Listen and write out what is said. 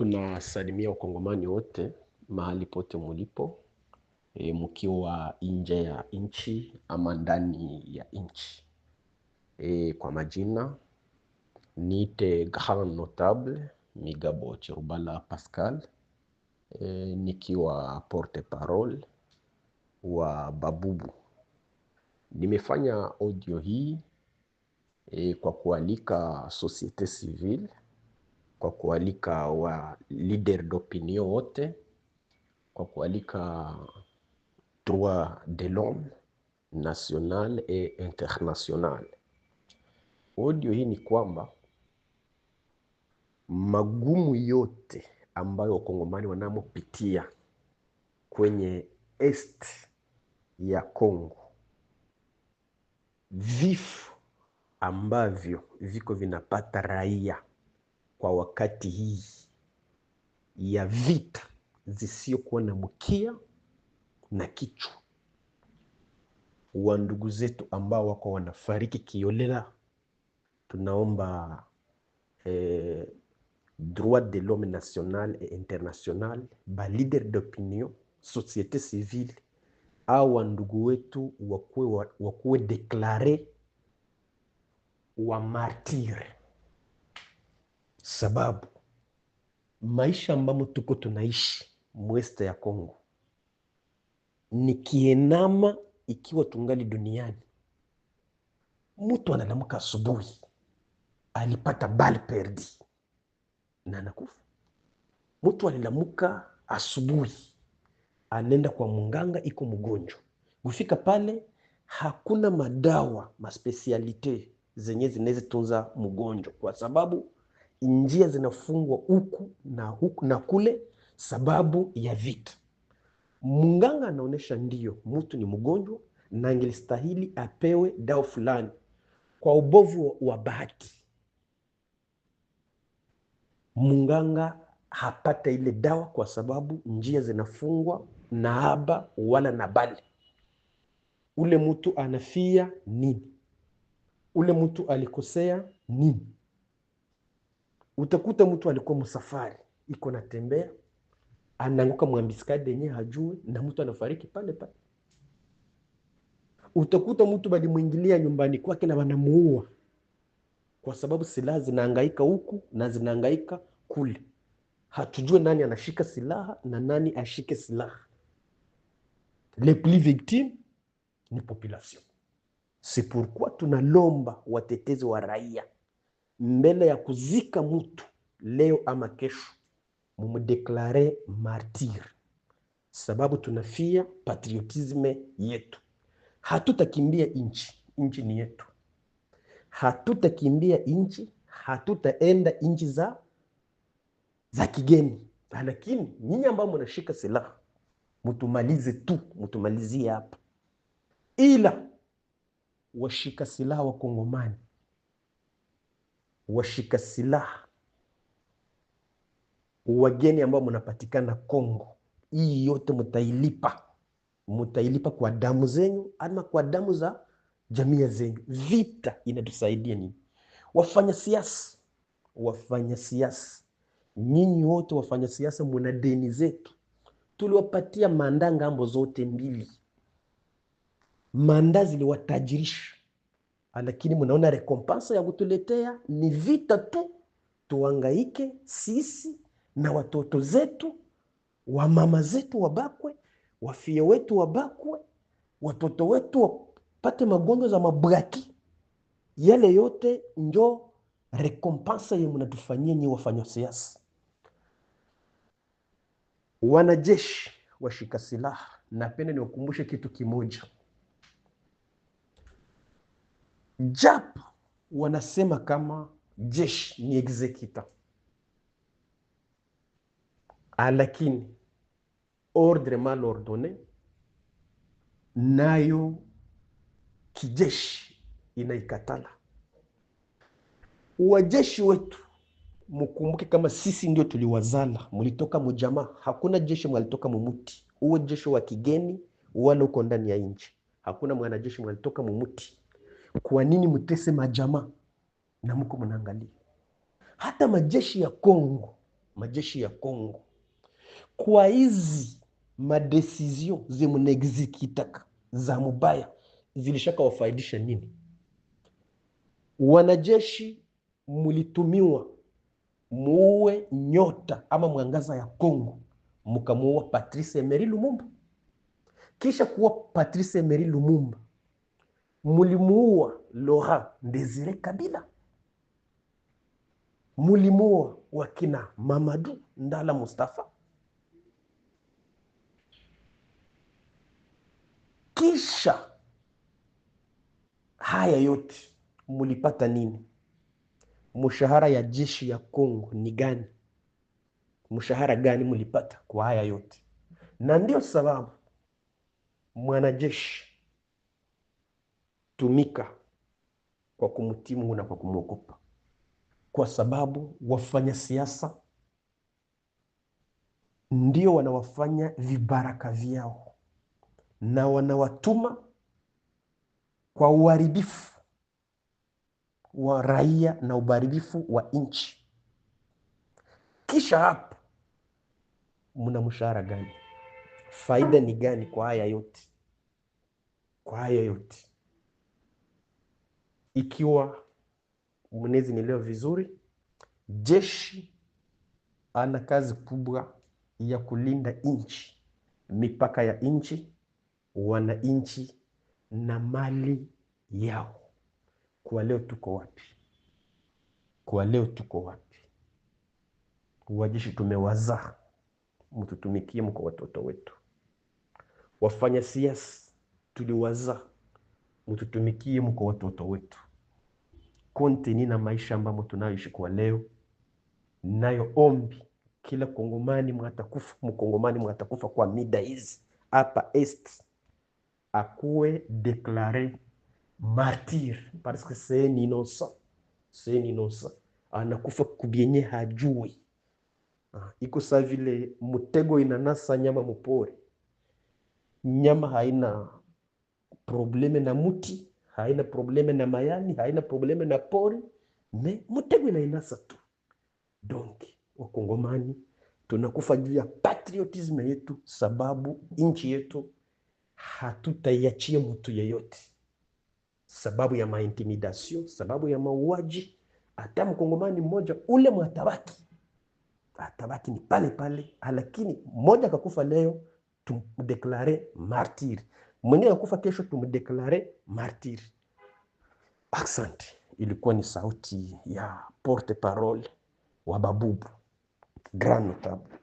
Tunasalimia wakongomani wote mahali pote mulipo e, mkiwa nje ya nchi ama ndani ya nchi e, kwa majina niite Grand Notable Migabo Chirubala Pascal e, nikiwa porte parole wa Babubu. Nimefanya audio hii e, kwa kualika societe civile kwa kualika wa leader d'opinion wote, kwa kualika droit de l'homme national et international. Audio hii ni kwamba magumu yote ambayo wakongomani wanamopitia kwenye est ya Kongo, vifo ambavyo viko vinapata raia kwa wakati hii ya vita zisiyokuwa na mkia na kichwa wa ndugu zetu ambao wako wanafariki kiolela, tunaomba eh, droit de l'homme national et international, ba leader d'opinion, société civile au wandugu wetu wakuwe, wakuwe deklare wa martire sababu maisha ambamo tuko tunaishi mweste ya Kongo ni kienama. Ikiwa tungali duniani, mtu analamuka asubuhi alipata bal perdi na anakufa. Mtu alilamuka asubuhi anaenda kwa munganga, iko mgonjwa, kufika pale hakuna madawa maspesialite zenye zinaweza tunza mgonjwa kwa sababu njia zinafungwa huku na huku na kule sababu ya vita. Munganga anaonyesha ndio mtu ni mgonjwa na angelistahili apewe dawa fulani kwa ubovu wa bahati, munganga hapata ile dawa kwa sababu njia zinafungwa na haba wala na bali Ule mtu anafia nini? Ule mtu alikosea nini? Utakuta mtu alikuwa msafari iko natembea, anaanguka mwambiskadi yenye hajue, na mtu anafariki pale pale. Utakuta mtu walimwingilia nyumbani kwake na wanamuua, kwa sababu silaha zinaangaika huku na zinaangaika kule, hatujue nani anashika silaha na nani ashike silaha. Le plus victime ni population. C'est pourquoi tunalomba watetezi wa raia mbele ya kuzika mtu leo ama kesho, mumdeklare martir, sababu tunafia patriotisme yetu. Hatutakimbia nchi, nchi ni yetu. Hatutakimbia nchi, hatutaenda nchi za za kigeni. Lakini nyinyi ambao mnashika silaha, mutumalize tu, mutumalizie hapa, ila washika silaha wa Kongomani washika silaha wageni ambao mnapatikana Kongo, hii yote mtailipa, mtailipa kwa damu zenyu ama kwa damu za jamii zenyu. Vita inatusaidia nini? Wafanya siasa, wafanya siasa, nyinyi wote wafanya siasa, muna deni zetu tuliwapatia manda ngambo zote mbili. Manda ziliwatajirisha lakini mnaona rekompansa ya kutuletea ni vita tu. Tuangaike sisi na watoto zetu, wamama zetu wabakwe, wafie wetu wabakwe, watoto wetu wapate magonjwa za mabraki. Yale yote njo rekompansa ye mnatufanyia nyi wafanya siasa. Wanajeshi washika silaha, napenda niwakumbushe kitu kimoja. JAP wanasema kama jeshi ni executor, ah, lakini ordre mal ordone nayo kijeshi inaikatala. Wajeshi wetu mukumbuke kama sisi ndio tuliwazala, mulitoka mujamaa. Hakuna jeshi mwalitoka mumuti, uwe jeshi wa kigeni wala uko ndani ya nchi. Hakuna mwanajeshi mwalitoka mumuti kwa nini mtese majamaa na mko mnaangalia? Hata majeshi ya Kongo, majeshi ya Kongo kwa hizi madesizio zemnaexikitaka za mubaya zilishaka wafaidisha nini? Wanajeshi mulitumiwa muue nyota ama mwangaza ya Kongo, mukamuua Patrice Emery Lumumba. Kisha kuwa Patrice Emery Lumumba mulimuua lora Desire Kabila, mulimuua wakina Mamadu Ndala Mustafa, kisha haya yote mulipata nini? Mshahara ya jeshi ya Kongo ni gani? Mshahara gani mulipata kwa haya yote? Na ndio sababu mwanajeshi tumika kwa kumtii Mungu na kwa kumwogopa, kwa sababu wafanya siasa ndio wanawafanya vibaraka vyao na wanawatuma kwa uharibifu wa raia na uharibifu wa nchi. Kisha hapo, mna mshahara gani? Faida ni gani kwa haya yote? Kwa haya yote ikiwa mwenezi leo vizuri, jeshi ana kazi kubwa ya kulinda nchi, mipaka ya nchi, wananchi na mali yao. Kwa leo tuko wapi? Kwa leo tuko wapi? Wajeshi tumewazaa, mtutumikie mko watoto wetu. Wafanya siasa tuliwazaa mtutumikie mko watoto wetu kontini na maisha ambamo tunayoishi kwa leo. Nayo ombi kila Kongomani mwatakufa, Mkongomani mwatakufa kwa mida hizi hapa est akuwe deklare martir parce que c'est un innocent, c'est anakufa kubyenye hajui. Ah, iko saa vile mtego inanasa nyama mupori, nyama haina probleme na muti, haina probleme na mayani, haina probleme na pori, me mtego inainasa tu. Donc wakongomani tunakufa juu ya patriotisme yetu, sababu nchi yetu hatutaiachia mtu yeyote, sababu ya maintimidasio, sababu ya mauaji. Hata mkongomani mmoja ule mwatabaki atabaki ni pale pale, lakini mmoja kakufa leo tumdeklare martiri. mwenyewe kufa kesho tumdeklare martir. Accent, Ilikuwa ni sauti ya porte parole wa Babubu, grand notable.